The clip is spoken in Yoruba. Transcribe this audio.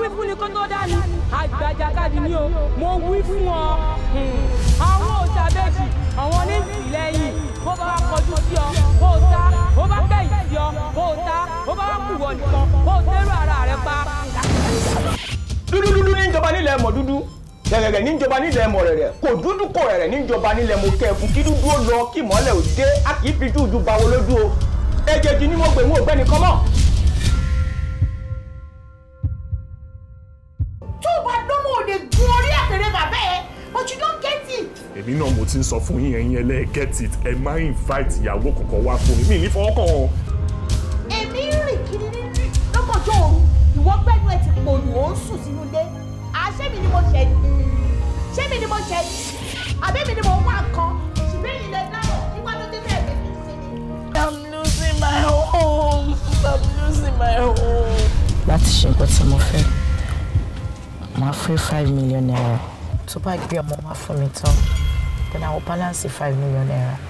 wí fún ni kó tó dání àgbàjàkadì ni o mo wí fún ọ àwọn òòṣà méjì àwọn ní ìlẹ́yìn bó bá kọjú sí ọ kó o ta bó bá kẹ́yìn sí ọ kó o ta bó bá kù wọ nìkan kó o tẹ́rù ara rẹ pa. dúdú ní ìjọba nílẹ̀ mọ̀ dúdú rẹ̀rẹ̀rẹ̀ níjọba nílẹ̀ mọ̀ rẹ̀rẹ̀ kò dúdú kò rẹ̀rẹ̀ níjọba nílẹ̀ mọ̀ kẹ́ẹ̀kú kí dúdú ó lọ kí mọ́lẹ̀ ò dé a kì í fi júùjú ba wo lójú o ẹ̀jẹ̀ jì ni mo gbè ń wò kọ́mọ́. èmi náà mo ti ń sọ fún yín ẹ̀yin ẹlẹ́ẹ̀kẹ́tì ẹ máa ń invite ìyàwó kọ̀ọ̀kan wá fún mi mi ní fọwọ́kàn o. èmi ń rìn kiri ní lọ́kànjọ́ òru ìwọ gbẹ́nu ẹ̀ ti pòlù ó ń sùn sínú ilé àṣẹ́mi ni mo ṣẹ̀ ní ṣẹ́mi ni mo ṣẹ̀ ní àbẹ́mi ni mo wá kan ṣùgbọ́n èyí lẹ dáhùn nígbà tó dé bẹ́ẹ̀ bẹ́ẹ̀ kì í ṣe ni. I'm losing my home I'm losing my home. láti ṣe nǹkan tí mo fẹ́ máa fẹ́ five million naira tó bá gbé ọmọ wá fún mi tán. Then I will balance the 5 million naira.